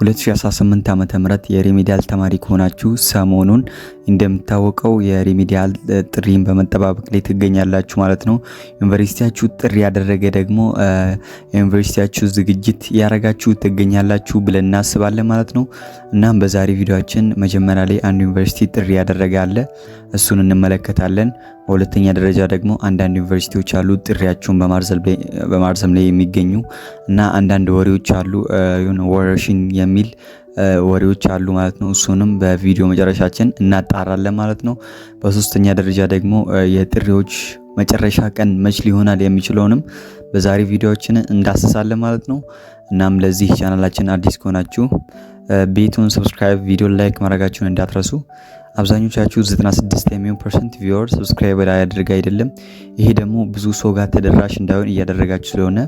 2018 ዓ.ም የሪሚዲያል ተማሪ ከሆናችሁ ሰሞኑን እንደምታወቀው የሪሚዲያል ጥሪን በመጠባበቅ ላይ ትገኛላችሁ ማለት ነው። ዩኒቨርሲቲያችሁ ጥሪ ያደረገ ደግሞ ዩኒቨርሲቲያችሁ ዝግጅት ያደረጋችሁ ትገኛላችሁ ብለን እናስባለን ማለት ነው። እናም በዛሬ ቪዲዮችን መጀመሪያ ላይ አንድ ዩኒቨርሲቲ ጥሪ ያደረገ አለ፣ እሱን እንመለከታለን። በሁለተኛ ደረጃ ደግሞ አንዳንድ ዩኒቨርሲቲዎች አሉ ጥሪያቸውን በማርዘም ላይ የሚገኙ እና አንዳንድ ወሬዎች አሉ ወረርሽኝ የሚል ወሬዎች አሉ ማለት ነው። እሱንም በቪዲዮ መጨረሻችን እናጣራለን ማለት ነው። በሶስተኛ ደረጃ ደግሞ የጥሪዎች መጨረሻ ቀን መች ሊሆናል የሚችለውንም በዛሬ ቪዲዮዎችን እንዳስሳለን ማለት ነው። እናም ለዚህ ቻናላችን አዲስ ከሆናችሁ ቤቱን ሰብስክራይብ፣ ቪዲዮ ላይክ ማድረጋችሁን እንዳትረሱ። አብዛኞቻችሁ 96 የሚሆን ፐርሰንት ቪወር ሰብስክራይብ ላይ ያደርግ አይደለም። ይሄ ደግሞ ብዙ ሰው ጋር ተደራሽ እንዳይሆን እያደረጋችሁ ስለሆነ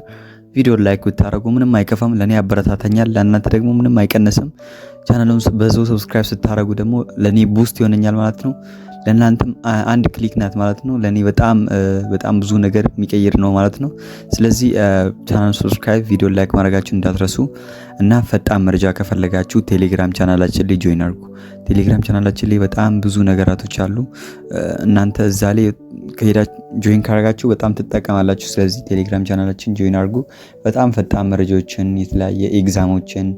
ቪዲዮ ላይክ ብታደረጉ ምንም አይከፋም፣ ለእኔ ያበረታተኛል፣ ለእናንተ ደግሞ ምንም አይቀንስም። ቻናሉን በዙ ሰብስክራይብ ስታደረጉ ደግሞ ለእኔ ቡስት ይሆነኛል ማለት ነው። ለእናንተም አንድ ክሊክ ናት ማለት ነው። ለእኔ በጣም በጣም ብዙ ነገር የሚቀይር ነው ማለት ነው። ስለዚህ ቻናል ሰብስክራይብ፣ ቪዲዮ ላይክ ማድረጋችሁን እንዳትረሱ። እና ፈጣን መረጃ ከፈለጋችሁ ቴሌግራም ቻናላችን ላይ ጆይን አድርጉ። ቴሌግራም ቻናላችን ላይ በጣም ብዙ ነገራቶች አሉ። እናንተ እዛ ላይ ከሄዳ ጆይን ካረጋችሁ በጣም ትጠቀማላችሁ። ስለዚህ ቴሌግራም ቻናላችን ጆይን አድርጉ። በጣም ፈጣን መረጃዎችን፣ የተለያየ ኤግዛሞችን፣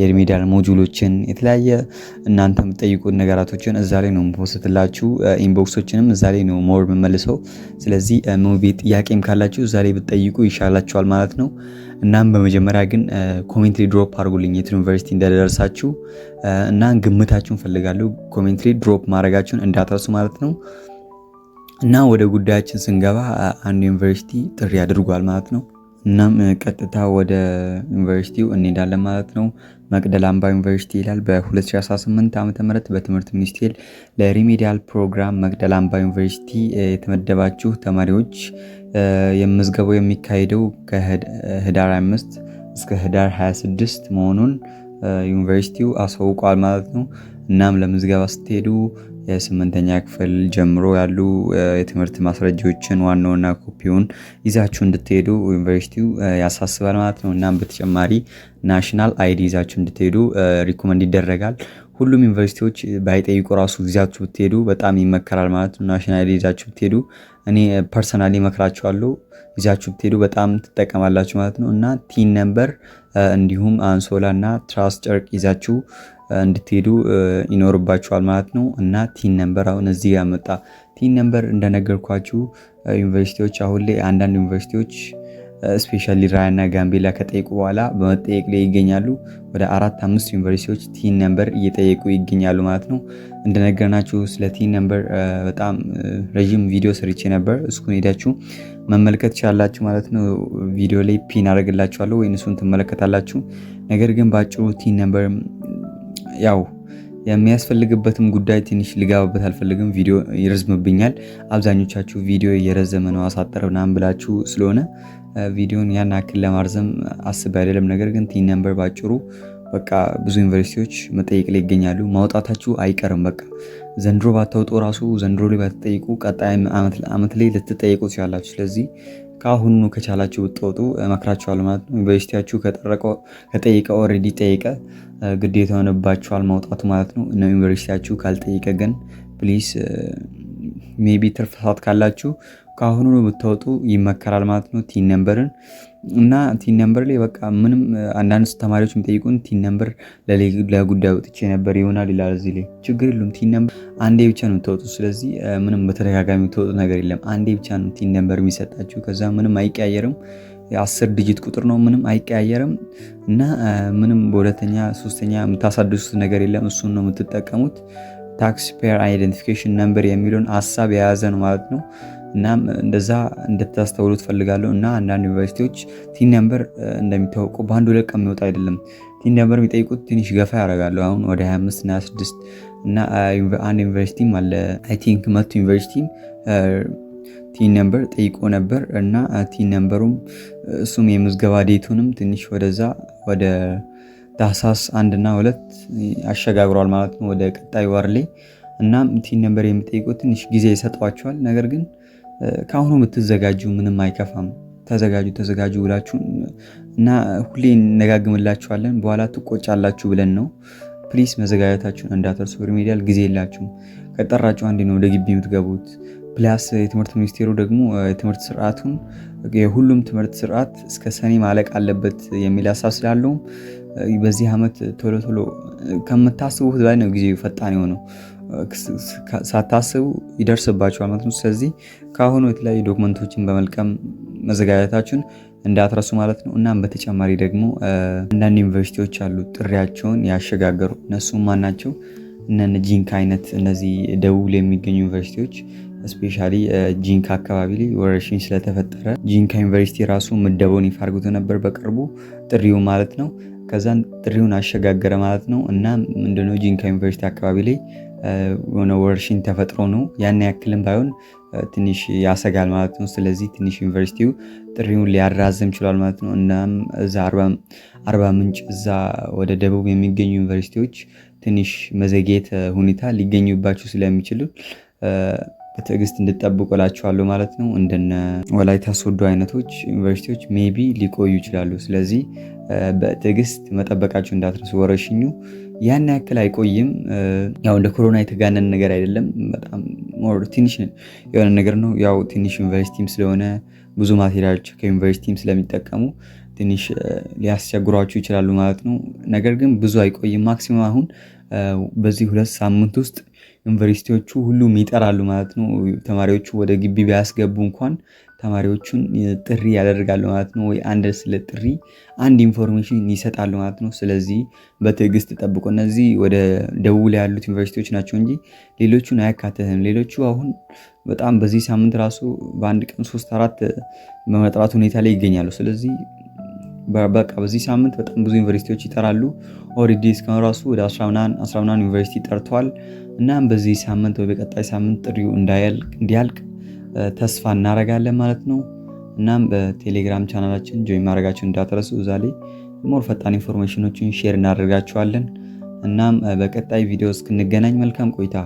የሪሜዲያል ሞጁሎችን፣ የተለያየ እናንተ የምትጠይቁት ነገራቶችን እዛ ላይ ነው ፖስትላችሁ። ኢንቦክሶችንም እዛ ላይ ነው ሞር የምመልሰው። ስለዚህ ሙቪ ጥያቄም ካላችሁ እዛ ላይ ብትጠይቁ ይሻላችኋል ማለት ነው። እናም በመጀመሪያ ግን ኮሜንት ላይ ድሮፕ አድርጉልኝ የት ዩኒቨርሲቲ እንደደረሳችሁ እና ግምታችሁን ፈልጋለሁ። ኮሜንት ላይ ድሮፕ ማድረጋችሁን እንዳትረሱ ማለት ነው። እና ወደ ጉዳያችን ስንገባ አንድ ዩኒቨርሲቲ ጥሪ አድርጓል ማለት ነው። እናም ቀጥታ ወደ ዩኒቨርሲቲው እንሄዳለን ማለት ነው። መቅደላ አምባ ዩኒቨርሲቲ ይላል። በ2018 ዓ ም በትምህርት ሚኒስቴር ለሪሜዲያል ፕሮግራም መቅደላ አምባ ዩኒቨርሲቲ የተመደባችሁ ተማሪዎች የምዝገባው የሚካሄደው ከህዳር 5 እስከ ህዳር 26 መሆኑን ዩኒቨርሲቲው አስወውቋል ማለት ነው። እናም ለምዝገባ ስትሄዱ የስምንተኛ ክፍል ጀምሮ ያሉ የትምህርት ማስረጃዎችን ዋናውና ኮፒውን ይዛችሁ እንድትሄዱ ዩኒቨርሲቲው ያሳስባል ማለት ነው። እናም በተጨማሪ ናሽናል አይዲ ይዛችሁ እንድትሄዱ ሪኮመንድ ይደረጋል። ሁሉም ዩኒቨርሲቲዎች ባይጠይቁ ራሱ ይዛችሁ ብትሄዱ በጣም ይመከራል ማለት ነው። ናሽናል አይዲ ይዛችሁ ብትሄዱ እኔ ፐርሰናሊ እመክራችኋለሁ ይዛችሁ ብትሄዱ በጣም ትጠቀማላችሁ ማለት ነው እና ቲን ነምበር እንዲሁም አንሶላ እና ትራስ ጨርቅ ይዛችሁ እንድትሄዱ ይኖርባችኋል ማለት ነው እና ቲን ነምበር አሁን እዚህ ያመጣ ቲን ነምበር እንደነገርኳችሁ ዩኒቨርሲቲዎች አሁን ላይ አንዳንድ ዩኒቨርሲቲዎች ስፔሻሊ ራያና ጋምቤላ ከጠየቁ በኋላ በመጠየቅ ላይ ይገኛሉ። ወደ አራት አምስት ዩኒቨርሲቲዎች ቲን ነምበር እየጠየቁ ይገኛሉ ማለት ነው። እንደነገርናችሁ ስለ ቲን ነምበር በጣም ረዥም ቪዲዮ ሰርቼ ነበር። እሱን ሄዳችሁ መመልከት ቻላችሁ ማለት ነው። ቪዲዮ ላይ ፒን አደርግላችኋለሁ ወይ እሱን ትመለከታላችሁ። ነገር ግን በአጭሩ ቲን ነምበር ያው የሚያስፈልግበትም ጉዳይ ትንሽ ልጋባበት አልፈልግም፣ ቪዲዮ ይረዝምብኛል። አብዛኞቻችሁ ቪዲዮ እየረዘመ ነው አሳጠረ ምናምን ብላችሁ ስለሆነ ቪዲዮን ያን ያክል ለማርዘም አስብ አይደለም። ነገር ግን ቲን ነምበር ባጭሩ በቃ ብዙ ዩኒቨርሲቲዎች መጠየቅ ላይ ይገኛሉ። ማውጣታችሁ አይቀርም። በቃ ዘንድሮ ባታውጡ ራሱ ዘንድሮ ላይ ባትጠይቁ ቀጣይ ዓመት ላይ ልትጠይቁ ትችላላችሁ። ስለዚህ ከአሁኑ ከቻላችሁ ብትወጡ መክራችኋል ማለት ነው። ዩኒቨርሲቲያችሁ ከጠየቀ ኦልሬዲ ጠየቀ፣ ግዴታ ሆነባችኋል ማውጣቱ ማለት ነው እና ዩኒቨርሲቲያችሁ ካልጠየቀ ግን ፕሊስ ሜቢ ትርፍ ሰዓት ካላችሁ ከአሁኑ ነው ብታወጡ ይመከራል ማለት ነው። ቲን ነምበርን እና ቲን ነምበር ላይ በቃ ምንም አንዳንድ ተማሪዎች የሚጠይቁን ቲን ነምበር ለጉዳዩ ወጥቼ ነበር ይሆናል ይላል። እዚህ ላይ ችግር የለም። ቲን ነምበር አንዴ ብቻ ነው የምታወጡት። ስለዚህ ምንም በተደጋጋሚ የምታወጡ ነገር የለም። አንዴ ብቻ ነው ቲን ነምበር የሚሰጣችሁ። ከዛ ምንም አይቀያየርም። የአስር ዲጂት ቁጥር ነው ምንም አይቀያየርም። እና ምንም በሁለተኛ ሶስተኛ የምታሳድሱት ነገር የለም። እሱን ነው የምትጠቀሙት። ታክስ ፔየር አይደንቲፊኬሽን ነምበር የሚለውን ሀሳብ የያዘ ነው ማለት ነው። እናም እንደዛ እንድታስተውሉ ትፈልጋለሁ እና አንዳንድ ዩኒቨርሲቲዎች ቲን ነምበር እንደሚታወቁ በአንድ ሁለት ቀን የሚወጣ አይደለም። ቲን ነምበር የሚጠይቁት ትንሽ ገፋ ያደርጋሉ። አሁን ወደ 25 እና 26 እና አንድ ዩኒቨርሲቲም አለ አይ ቲንክ መቱ ዩኒቨርሲቲም ቲን ነምበር ጠይቆ ነበር እና ቲን ነምበሩም እሱም የምዝገባ ዴቱንም ትንሽ ወደዛ ወደ ታህሳስ እና ሁለት አሸጋግሯል ማለት ነው ወደ ቀጣይ ወር ላይ እናም ቲን ነምበር የሚጠይቁት ትንሽ ጊዜ ይሰጠዋቸዋል። ነገር ግን ከአሁኑ የምትዘጋጁ ምንም አይከፋም። ተዘጋጁ ተዘጋጁ ብላችሁ እና ሁሌ እነጋግምላችኋለን በኋላ ትቆጫላችሁ ብለን ነው። ፕሊስ መዘጋጀታችሁን እንዳትረሱ። ሪሜዲያል ጊዜ የላችሁም። ከጠራችሁ አንድ ነው ወደ ግቢ የምትገቡት። ፕላስ የትምህርት ሚኒስቴሩ ደግሞ የትምህርት ስርዓቱን የሁሉም ትምህርት ስርዓት እስከ ሰኔ ማለቅ አለበት የሚል ሀሳብ ስላለውም በዚህ ዓመት ቶሎ ቶሎ ከምታስቡት በላይ ነው ጊዜ ፈጣን የሆነው። ሳታስቡ ይደርስባቸዋል ማለት ነው። ስለዚህ ከአሁኑ የተለያዩ ዶክመንቶችን በመልቀም መዘጋጀታችሁን እንዳትረሱ ማለት ነው። እናም በተጨማሪ ደግሞ አንዳንድ ዩኒቨርሲቲዎች አሉ ጥሪያቸውን ያሸጋገሩ። እነሱም ማናቸው? እነን ጂንካ አይነት እነዚህ ደቡብ ላይ የሚገኙ ዩኒቨርሲቲዎች ስፔሻሊ ጂንካ አካባቢ ላይ ወረርሽኝ ስለተፈጠረ ጂንካ ዩኒቨርሲቲ ራሱ ምደባውን ይፋ አድርጎት ነበር በቅርቡ ጥሪው ማለት ነው። ከዛን ጥሪውን አሸጋገረ ማለት ነው። እና ምንድነው ጂንካ ዩኒቨርሲቲ አካባቢ ላይ የሆነ ወረርሽኝ ተፈጥሮ ነው። ያን ያክልም ባይሆን ትንሽ ያሰጋል ማለት ነው። ስለዚህ ትንሽ ዩኒቨርሲቲው ጥሪውን ሊያራዝም ችሏል ማለት ነው። እናም እዛ አርባ ምንጭ እዛ ወደ ደቡብ የሚገኙ ዩኒቨርሲቲዎች ትንሽ መዘግየት ሁኔታ ሊገኙባቸው ስለሚችሉ በትዕግስት እንድጠብቁ ማለት ነው። እንደነ ወላይታ ሶዶ አይነቶች ዩኒቨርሲቲዎች ሜቢ ሊቆዩ ይችላሉ። ስለዚህ በትዕግስት መጠበቃችሁ እንዳትረሱ። ወረሽኙ ያን ያክል አይቆይም። ያው እንደ ኮሮና የተጋነን ነገር አይደለም። በጣም ትንሽ የሆነ ነገር ነው። ያው ትንሽ ዩኒቨርሲቲም ስለሆነ ብዙ ማቴሪያሎች ከዩኒቨርሲቲም ስለሚጠቀሙ ትንሽ ሊያስቸግሯችሁ ይችላሉ ማለት ነው። ነገር ግን ብዙ አይቆይም። ማክሲመም አሁን በዚህ ሁለት ሳምንት ውስጥ ዩኒቨርሲቲዎቹ ሁሉም ይጠራሉ ማለት ነው። ተማሪዎቹ ወደ ግቢ ቢያስገቡ እንኳን ተማሪዎቹን ጥሪ ያደርጋሉ ማለት ነው። ወይ አንድ ስለ ጥሪ አንድ ኢንፎርሜሽን ይሰጣሉ ማለት ነው። ስለዚህ በትዕግስት ጠብቆ እነዚህ ወደ ደቡብ ላይ ያሉት ዩኒቨርሲቲዎች ናቸው እንጂ ሌሎቹን አያካተትም ሌሎቹ አሁን በጣም በዚህ ሳምንት ራሱ በአንድ ቀን ሶስት አራት በመጥራት ሁኔታ ላይ ይገኛሉ። ስለዚህ በቃ በዚህ ሳምንት በጣም ብዙ ዩኒቨርሲቲዎች ይጠራሉ። ኦልሬዲ እስካሁን ራሱ ወደ አስራ ምናምን ዩኒቨርሲቲ ጠርተዋል። እናም በዚህ ሳምንት ወይ በቀጣይ ሳምንት ጥሪው እንዲያልቅ ተስፋ እናደርጋለን ማለት ነው። እናም በቴሌግራም ቻናላችን ጆይ ማድረጋችሁን እንዳትረሱ። እዛ ላይ ሞር ፈጣን ኢንፎርሜሽኖችን ሼር እናደርጋችኋለን። እናም በቀጣይ ቪዲዮ እስክንገናኝ መልካም ቆይታ